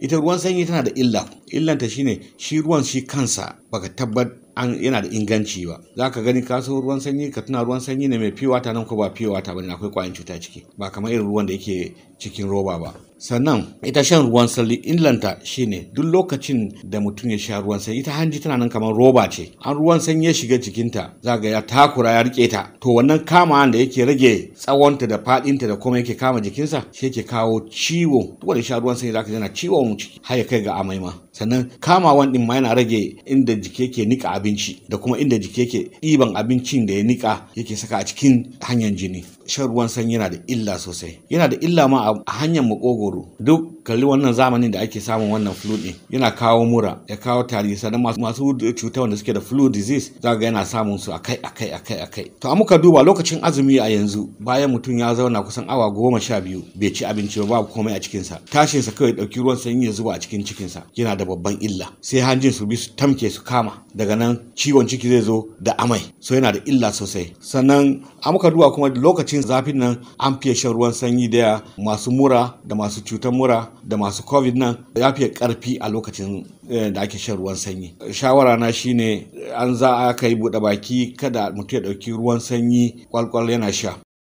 ita ruwan sanyi tana da illa illanta shine shi ruwan shi kansa baka tabbat an yana da inganci ba za ka gani ka so ruwan sanyi ka tuna ruwan sanyi ne mai fiwata nan ko ba fiwata bane akwai kwayan cuta ciki ba kamar irin ruwan da yake cikin roba ba sannan ita shan ruwan sali illanta shine duk lokacin da mutum ya sha ruwan sanyi ita hanji tana nan kamar roba ce an ruwan sanyi ya shiga jikinta ga ya takura ya rike ta to wannan kama da yake rage tsawonta da fadinta da kuma yake kama jikinsa shi yake kawo ciwo duk wanda sha ruwan sanyi zaka yana ciwon ciki har ya kai ga amai ma sannan kamawan din ma yana rage inda jiki yake nika abinci da kuma inda jiki yake ɗiban abincin da ya nika yake saka a cikin hanyar jini shan ruwan sanyi yana da illa sosai yana da illa ma a hanyar makogo goro duk kalli wannan zamanin da ake samun wannan flu ɗin yana kawo mura ya kawo tari sannan masu cutar cuta wanda suke da flu disease za ga yana samun su akai akai akai akai to a muka duba lokacin azumi a yanzu bayan mutum ya zauna kusan awa goma sha biyu bai ci abinci ba babu komai a cikinsa sa kawai ɗauki ruwan sanyi ya zuba a cikin cikinsa yana da babban illa sai hanjin su bi su tamke su kama daga nan ciwon ciki zai zo da amai so yana da illa sosai sannan a muka duba kuma lokacin zafin nan an fiye shan ruwan sanyi da masu mura da masu masu cutar mura da masu covid nan ya fiye karfi a lokacin eh, da ake shan ruwan sanyi shawara na shine an za a kai bude baki kada mutum ya ɗauki ruwan sanyi kwalkwal yana sha